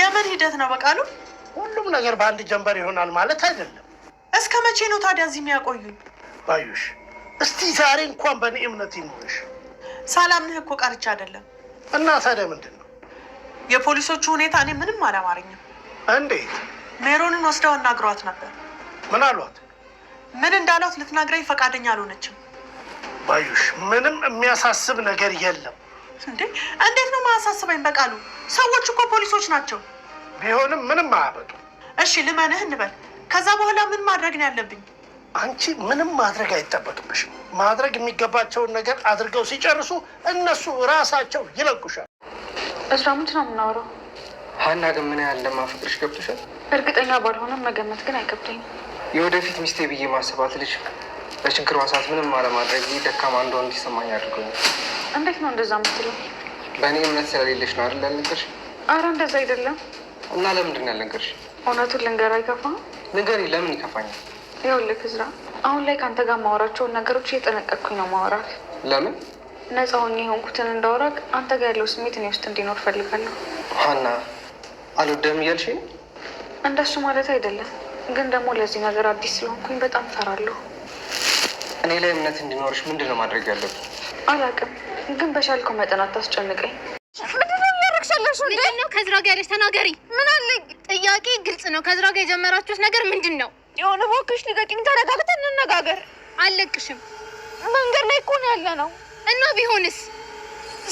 የምን ሂደት ነው በቃሉ? ሁሉም ነገር በአንድ ጀንበር ይሆናል ማለት አይደለም። እስከ መቼ ነው ታዲያ እዚህ የሚያቆዩኝ? ባዩሽ፣ እስቲ ዛሬ እንኳን በእኔ እምነት ይኖሽ ሰላም ነህ እኮ ቀርቻ አይደለም። እና ታዲያ ምንድን ነው የፖሊሶቹ ሁኔታ? እኔ ምንም አላማረኝም። እንዴት? ሜሮንን ወስደው እናግሯት ነበር። ምን አሏት? ምን እንዳሏት ልትናግረኝ ፈቃደኛ አልሆነችም። ባዩሽ፣ ምንም የሚያሳስብ ነገር የለም። እንዴት ነው ማያሳስበኝ? በቃሉ ሰዎች እኮ ፖሊሶች ናቸው። ቢሆንም ምንም አያመጡ። እሺ ልመንህ እንበል። ከዛ በኋላ ምን ማድረግ ነው ያለብኝ? አንቺ ምንም ማድረግ አይጠበቅብሽም። ማድረግ የሚገባቸውን ነገር አድርገው ሲጨርሱ እነሱ ራሳቸው ይለቁሻል። እዝራ ምንድን ነው የምናወራው? ሀና ግን ምን ያህል እንደማፈቅርሽ ገብቶሻል? እርግጠኛ ባልሆነም መገመት ግን አይከብደኝም። የወደፊት ሚስቴ ብዬ ማሰባት ልጅ በችግሯ ሰዓት ምንም አለማድረግ ደካማ እንደሆነ እንዲሰማኝ አድርገኛል። እንዴት ነው እንደዛ ምትለው? በእኔ እምነት ስለሌለሽ ነው አይደል ያልነገርሽ? አረ እንደዛ አይደለም። እና ለምንድን ነው ያልነገርሽ? እውነቱን ልንገር አይከፋ? ንገሪ። ለምን ይከፋኛል? ይኸውልህ ዝራ አሁን ላይ ከአንተ ጋር ማወራቸውን ነገሮች እየጠነቀቅኩኝ ነው ማወራት። ለምን? ነፃ ሆኜ የሆንኩትን እንዳወራቅ አንተ ጋር ያለው ስሜት እኔ ውስጥ እንዲኖር ፈልጋለሁ። ሀና አልወደም እያልሽ እንደሱ ማለት አይደለም፣ ግን ደግሞ ለዚህ ነገር አዲስ ስለሆንኩኝ በጣም ፈራለሁ። እኔ ላይ እምነት እንዲኖርሽ ምንድን ነው ማድረግ ያለብን? አላውቅም ግን በሻልከው መጠን አታስጨንቀኝ። ምንድን ነው ከዝራ ጋ ያለሽ ተናገሪ። ምን አለ ጥያቄ ግልጽ ነው። ከዝራ ጋ የጀመራችሁት ነገር ምንድን ነው? የሆነ ቦክሽ ንገቂኝ። ተረጋግተን እንነጋገር። አልለቅሽም። መንገድ ላይ እኮ ነው ያለ ነው እና ቢሆንስ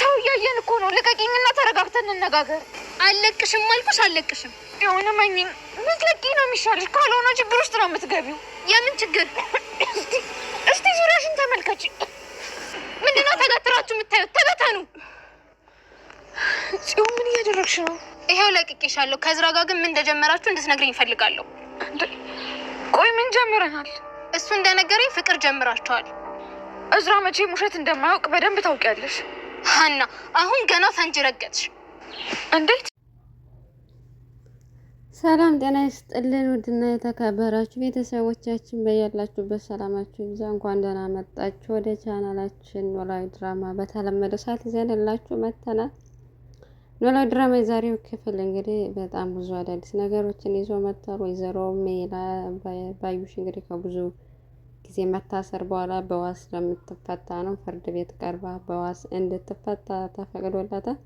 ሰው እያየን እኮ ነው። ልቀቂኝና ተረጋግተን እንነጋገር። አለቅሽም አልኩሽ፣ አለቅሽም። የሆነ መኝኝ ምትለቂ ነው የሚሻልሽ፣ ካልሆነ ችግር ውስጥ ነው የምትገቢው። የምን ችግር ሰምቻለሁ። ከእዝራ ጋር ግን ምን እንደጀመራችሁ እንድትነግሪኝ እፈልጋለሁ። ቆይ ምን ጀምረናል? እሱ እንደነገረኝ ፍቅር ጀምራችኋል። እዝራ መቼም ውሸት እንደማያውቅ በደንብ ታውቂያለሽ ሀና። አሁን ገና ፈንጅ ረገጥሽ። እንዴት ሰላም ጤና ይስጥልን። ውድና የተከበራችሁ ቤተሰቦቻችን በያላችሁበት ሰላማችሁ ይብዛ። እንኳን ደህና መጣችሁ ወደ ቻናላችን ኖላዊ ድራማ በተለመደው ሰዓት ይዘንላችሁ መተናል። ኖላዊ ድራማ የዛሬው ክፍል እንግዲህ በጣም ብዙ አዳዲስ ነገሮችን ይዞ መጥቷል። ወይዘሮ ሜላ ባዩሽ እንግዲህ ከብዙ ጊዜ መታሰር በኋላ በዋስ ለምትፈታ ነው። ፍርድ ቤት ቀርባ በዋስ እንድትፈታ ተፈቅዶላታል።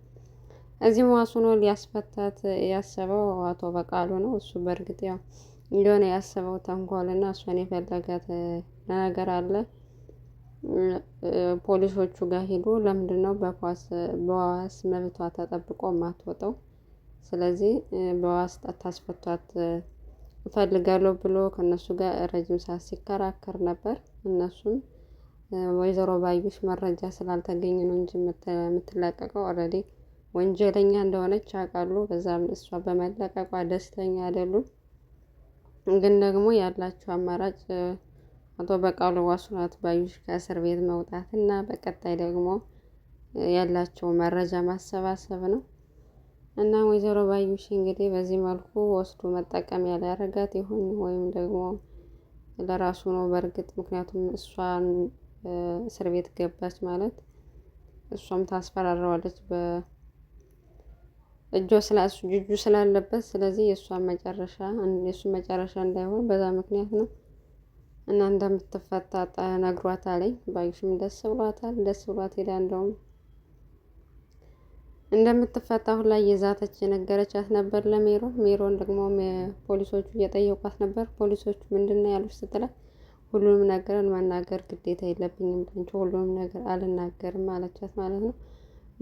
እዚህም ዋሱ ነው ሊያስፈታት ያሰበው አቶ በቃሉ ነው። እሱ በእርግጥ ያው እንደሆነ ያሰበው ተንኮልና እሷን የፈለጋት ነገር አለ ፖሊሶቹ ጋር ሄዶ ለምንድን ነው በዋስ መብቷ ተጠብቆ ማትወጠው? ስለዚህ በዋስ ታስፈቷት እፈልጋለሁ ብሎ ከእነሱ ጋር ረጅም ሰዓት ሲከራከር ነበር። እነሱም ወይዘሮ ባዩሽ መረጃ ስላልተገኘ ነው እንጂ የምትለቀቀው ኦልሬዲ ወንጀለኛ እንደሆነች ያውቃሉ። በዛም እሷ በመለቀቋ ደስተኛ አይደሉም። ግን ደግሞ ያላቸው አማራጭ አቶ በቃሉ ዋሲሁን ባዩሽ ከእስር ቤት መውጣት እና በቀጣይ ደግሞ ያላቸው መረጃ ማሰባሰብ ነው እና ወይዘሮ ባዩሽ እንግዲህ በዚህ መልኩ ወስዶ መጠቀሚያ ሊያደርጋት ይሁን ወይም ደግሞ ለራሱ ነው። በእርግጥ ምክንያቱም እሷን እስር ቤት ገባች ማለት እሷም ታስፈራረዋለች በእጆ ጅጁ ስላለበት። ስለዚህ የእሷን መጨረሻ የእሱን መጨረሻ እንዳይሆን በዛ ምክንያት ነው። እና እንደምትፈታ ነግሯታለኝ። ባዩሽም ደስ ብሏታል። ደስ ብሏት ሄዳ እንደውም እንደምትፈታ ሁላ እየዛተች የነገረቻት ነበር ለሜሮ። ሜሮን ደግሞ ፖሊሶቹ እየጠየቋት ነበር። ፖሊሶቹ ምንድን ነው ያሉት ስትላት ሁሉንም ነገርን መናገር ግዴታ የለብኝም ብንች ሁሉንም ነገር አልናገርም አለቻት ማለት ነው።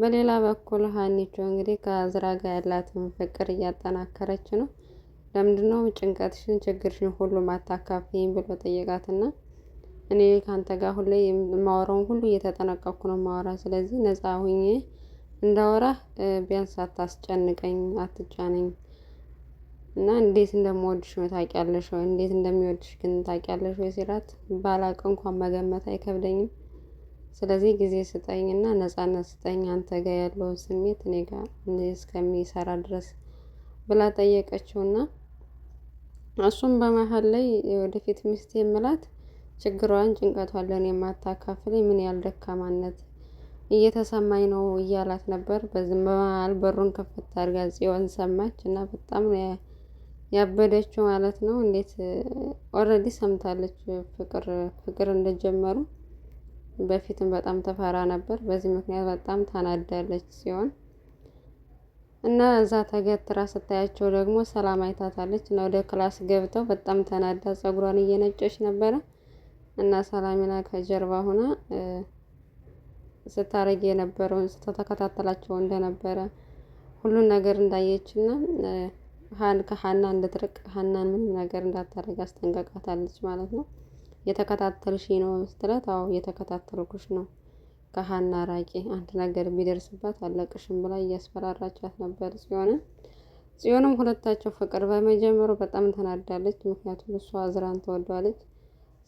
በሌላ በኩል ሀኒቾ እንግዲህ ከዝራ ጋር ያላትን ፍቅር እያጠናከረች ነው። ለምንድነው ጭንቀትሽን ችግርሽን ሁሉ ማታካፊኝ ብሎ ጠየቃትና እኔ ከአንተ ጋር ሁሌ የማወራውን ሁሉ እየተጠነቀቅኩ ነው ማወራ ስለዚህ ነፃ ሁኜ እንዳወራ ቢያንስ አታስጨንቀኝ፣ አትጫነኝ እና እንዴት እንደምወድሽ ታውቂያለሽ ወይ? እንዴት እንደሚወድሽ ግን ታውቂያለሽ ወይ ሲላት ባላቅ እንኳን መገመት አይከብደኝም። ስለዚህ ጊዜ ስጠኝ እና ነፃነት ስጠኝ፣ አንተ ጋር ያለውን ስሜት እኔ ጋር እስከሚሰራ ድረስ ብላ ጠየቀችው ና። እሱም በመሀል ላይ የወደፊት ሚስት የምላት ችግሯን ጭንቀቷን ለእኔ የማታካፍለኝ ምን ያህል ደካማነት እየተሰማኝ ነው እያላት ነበር። በዚህም በመሀል በሩን ከፍት አድርጋ ጽዮን ሰማች እና በጣም ያበደችው ማለት ነው። እንዴት ኦልሬዲ ሰምታለች ፍቅር ፍቅር እንደጀመሩ በፊትም በጣም ተፈራ ነበር። በዚህ ምክንያት በጣም ታናዳለች ሲሆን እና እዛ ተገትራ ስታያቸው ደግሞ ሰላም አይታታለች እና ወደ ክላስ ገብተው በጣም ተናዳ ጸጉሯን እየነጨች ነበረ እና ሰላሚና ከጀርባ ሆና ስታረግ የነበረውን ስተተከታተላቸው እንደነበረ ሁሉን ነገር እንዳየችና ከሀና እንድትርቅ ሀናን ምንም ነገር እንዳታደርግ አስጠንቀቃታለች ማለት ነው። የተከታተልሽ ነው ስትላት፣ አዎ የተከታተልኩሽ ነው ከሀና ራቂ፣ አንድ ነገር ቢደርስባት አለቅሽም ብላ እያስፈራራቻት ነበር ጽዮንን። ጽዮንም ሁለታቸው ፍቅር በመጀመሩ በጣም ተናዳለች። ምክንያቱም እሷ እዝራን ተወዷለች።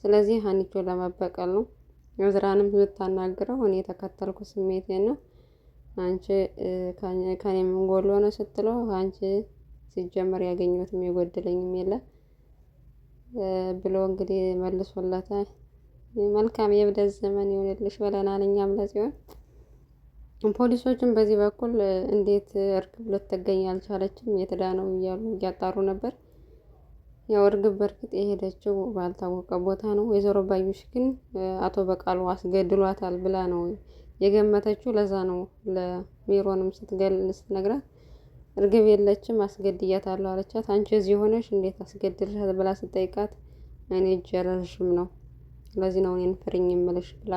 ስለዚህ ሀኒቾ ለመበቀል ነው። እዝራንም ብታናግረው እኔ የተከተልኩ ስሜቴ ነው አንቺ ከኔም ጎሎ ነው ስትለው አንቺ ሲጀመር ያገኘሁትም የጎደለኝም የለ ብሎ እንግዲህ መልሶላታል። መልካም የብደት ዘመን ይሆንልሽ ብለናል። እኛም ለጽዮን ፖሊሶችም በዚህ በኩል እንዴት እርግብ ልትገኝ አልቻለችም የትዳ ነው እያሉ እያጣሩ ነበር። ያው እርግብ በእርግጥ የሄደችው ባልታወቀ ቦታ ነው። ወይዘሮ ባዩሽ ግን አቶ በቃሉ አስገድሏታል ብላ ነው የገመተችው። ለዛ ነው ለሚሮንም ስትገል ስትነግራት እርግብ የለችም አስገድያታለሁ አለቻት። አንቺ እዚህ ሆነሽ እንዴት አስገድልሻት ብላ ስትጠይቃት እኔ እጅ ያላልሽም ነው ስለዚህ ነው እኔን ፍሪኝ የምልሽ ብላ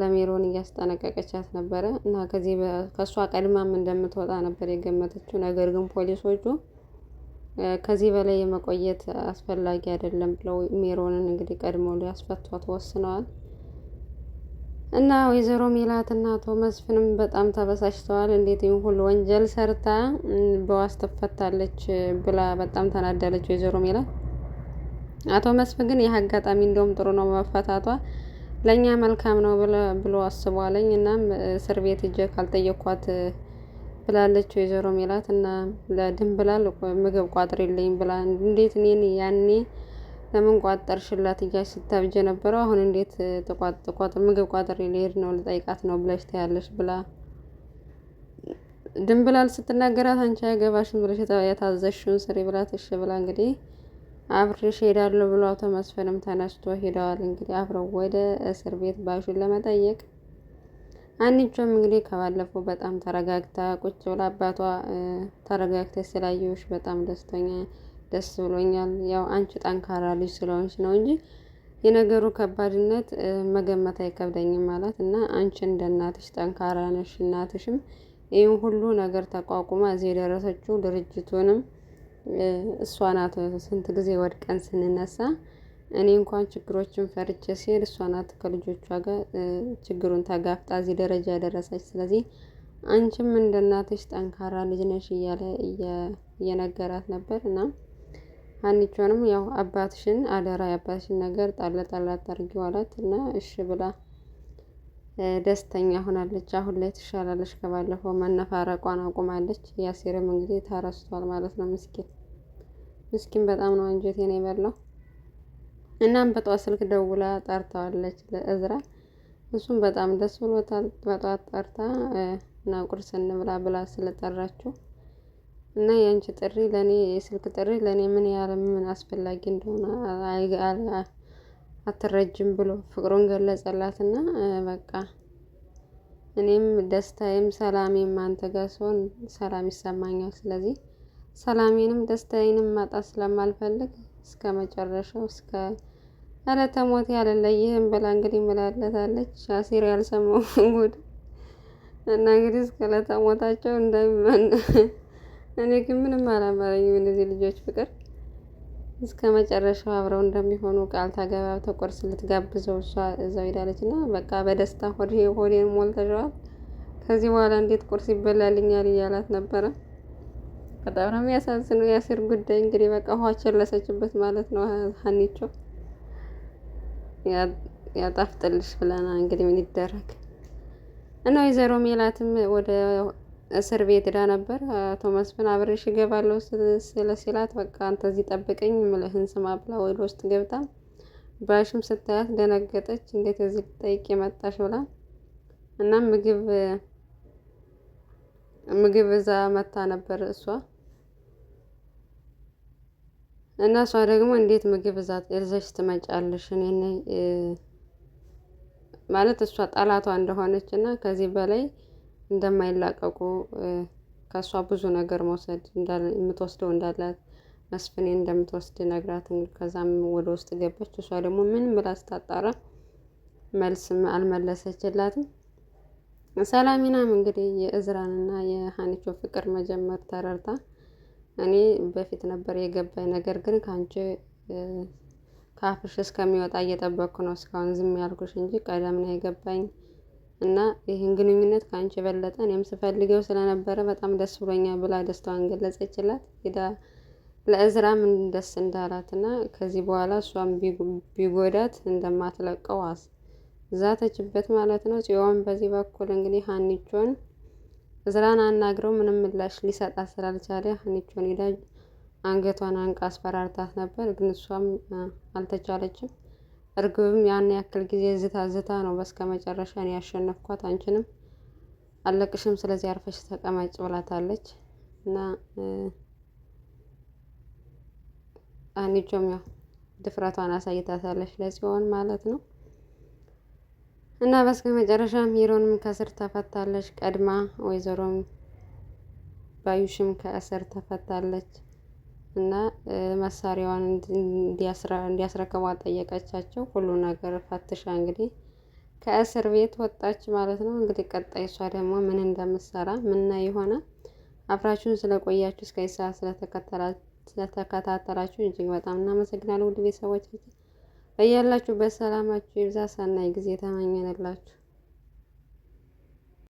ለሜሮን እያስጠነቀቀቻት ነበረ እና ከዚህ ከእሷ ቀድማም እንደምትወጣ ነበር የገመተችው። ነገር ግን ፖሊሶቹ ከዚህ በላይ የመቆየት አስፈላጊ አይደለም ብለው ሜሮንን እንግዲህ ቀድሞ ሊያስፈቷት ወስነዋል። እና ወይዘሮ ሜላት እና አቶ መስፍንም በጣም ተበሳጭተዋል። እንዴት ይህን ሁሉ ወንጀል ሰርታ በዋስ ትፈታለች ብላ በጣም ተናዳለች ወይዘሮ ሜላት። አቶ መስፍ ግን ይህ አጋጣሚ እንደውም ጥሩ ነው መፈታቷ ለእኛ መልካም ነው ብሎ አስቧለኝ። እናም እስር ቤት እጀ ካልጠየኳት ብላለች ወይዘሮ ሜላት እና ብላል ምግብ ቋጥሪልኝ ብላ እንዴት እኔን ያኔ ለምን ቋጠርሽላት እያልሽ ስታብጀ ነበረው። አሁን እንዴት ምግብ ቋጥሪ ልሄድ ነው ልጠይቃት ነው ብለሽ ትያለሽ ብላ ድንብላል ስትናገራት አንቺ አይገባሽም ብለሽ የታዘሽውን ስሪ ብላት እሺ ብላ እንግዲህ አብሬሽ ሄዳለሁ ብሎ አቶ መስፍንም ተነስቶ ሄደዋል። እንግዲህ አብረው ወደ እስር ቤት ባዩሽን ለመጠየቅ አንቺም እንግዲህ ከባለፈው በጣም ተረጋግታ ቁጭ ብላ አባቷ ተረጋግተ ስላየሁሽ በጣም ደስተኛ ደስ ብሎኛል። ያው አንቺ ጠንካራ ልጅ ስለሆንሽ ነው እንጂ የነገሩ ከባድነት መገመት አይከብደኝም ማለት እና አንቺ እንደ እናትሽ ጠንካራ ነሽ። እናትሽም ይህን ሁሉ ነገር ተቋቁማ እዚህ የደረሰችው ድርጅቱንም እሷ ናት ስንት ጊዜ ወድቀን ስንነሳ እኔ እንኳን ችግሮችን ፈርቼ ሲሄድ እሷ ናት ከልጆቿ ጋር ችግሩን ተጋፍጣ እዚህ ደረጃ ያደረሰች። ስለዚህ አንቺም እንደ እናትሽ ጠንካራ ልጅ ነሽ እያለ እየነገራት ነበር። እና ሀኒቿንም ያው አባትሽን አደራ የአባትሽን ነገር ጣለ ጣላ አታርጊው አላት እና እሺ ብላ ደስተኛ ሆናለች። አሁን ላይ ትሻላለች። ከባለፈው መነፋረቋን አቁማለች። ያሴርም እንግዲህ ታረስቷል ማለት ነው ምስኪን ምስኪን በጣም ነው አንጀቴን የበላው። እናም በጠዋት ስልክ ደውላ ጠርታዋለች ለእዝራ። እሱም በጣም ደስ ብሎታል። በጠዋት ጠርታ እና ቁርስ እንብላ ብላ ስለጠራችው እና የአንቺ ጥሪ ለእኔ የስልክ ጥሪ ለእኔ ምን ያህል ምን አስፈላጊ እንደሆነ አትረጅም ብሎ ፍቅሩን ገለጸላት እና በቃ እኔም ደስታዬም ሰላሜም አንተ ጋር ሲሆን ሰላም ይሰማኛል። ስለዚህ ሰላሜንም ደስታዬንም ማጣት ስለማልፈልግ እስከ መጨረሻው እስከ ሞት ያለለ ይህም ብላ እንግዲህ ምላለታለች። አሲር ያልሰማው ጉድ እና እንግዲህ እስከ ዕለተ ሞታቸው እንዳይመን። እኔ ግን ምንም አላማረኝም እነዚህ ልጆች ፍቅር እስከ መጨረሻው አብረው እንደሚሆኑ ቃል ተገባብተው ቁርስ ልትጋብዘው እሷ እዛው ሄዳለች እና በቃ በደስታ ሆዴ ሆዴን ሞልተሸዋል። ከዚህ በኋላ እንዴት ቁርስ ይበላልኛል እያላት ነበረ። በጣም ነው የሚያሳዝነው። የአሲር ጉዳይ እንግዲህ በቃ ውሃ ቸለሰችበት ማለት ነው። ሀኒቾ ያጣፍጥልሽ ብለና እንግዲህ ምን ይደረግ እና ወይዘሮ ሜላትም ወደ እስር ቤት ሄዳ ነበር። አቶ መስፍን አብሬሽ እገባለሁ ስለ ሲላት በቃ አንተ እዚህ ጠብቀኝ ምልህን ስማ ብላ ወደ ውስጥ ገብታ ባሽም ስታያት ደነገጠች። እንዴት እዚህ ልጠይቅ የመጣሽ ብላ እና ምግብ ምግብ እዛ መታ ነበር እሷ እና እሷ ደግሞ እንዴት ምግብ እዛሽ ትመጫለሽ? እኔ ማለት እሷ ጠላቷ እንደሆነች እና ከዚህ በላይ እንደማይላቀቁ ከእሷ ብዙ ነገር መውሰድ የምትወስደው እንዳላት መስፍኔ እንደምትወስድ ነግራት፣ ከዛም ወደ ውስጥ ገባች። እሷ ደግሞ ምን ብላ ስታጣራ መልስ አልመለሰችላትም። ሰላሚናም እንግዲህ የእዝራንና የሀኒቾ ፍቅር መጀመር ተረርታ እኔ በፊት ነበር የገባኝ ነገር ግን ከአንቺ ከአፍሽ እስከሚወጣ እየጠበቅኩ ነው እስካሁን ዝም ያልኩሽ እንጂ ቀደም ነው የገባኝ እና ይህን ግንኙነት ከአንቺ የበለጠ እኔም ስፈልገው ስለነበረ በጣም ደስ ብሎኛል ብላ ደስታዋን ገለጸችላት። ሄዳ ለእዝራም ደስ እንዳላት እና ከዚህ በኋላ እሷም ቢጎዳት እንደማትለቀው ዛተችበት ማለት ነው። ጽዮን በዚህ በኩል እንግዲህ ሀኒቾን ዝራን አናግረው ምንም ምላሽ ሊሰጣት ስላልቻለ ሀኒቾን ሄዳ አንገቷን አንቃ አስፈራርታት ነበር፣ ግን እሷም አልተቻለችም። እርግብም ያን ያክል ጊዜ ዝታ ዝታ ነው በስከ መጨረሻ እኔ ያሸነፍኳት፣ አንቺንም አለቅሽም፣ ስለዚህ አርፈሽ ተቀማጭ ብላታለች እና አኒጆም ያው ድፍረቷን አሳይታታለች ለጽዮን ማለት ነው። እና በስከ መጨረሻም ሂሮንም ከእስር ተፈታለች። ቀድማ ወይዘሮም ባዩሽም ከእስር ተፈታለች እና መሳሪያዋን እንዲያስረከቧ ጠየቀቻቸው። ሁሉ ነገር ፈትሻ እንግዲህ ከእስር ቤት ወጣች ማለት ነው። እንግዲህ ቀጣይ እሷ ደግሞ ምን እንደምትሰራ ምና የሆነ አብራችሁን ስለቆያችሁ እስከ ሰዓት ስለተከታተላችሁ እጅግ በጣም እናመሰግናለን ውድ ቤተሰቦቻችን። በያላችሁበት በሰላማችሁ ይብዛ። ሰናይ ጊዜ ተመኘንላችሁ።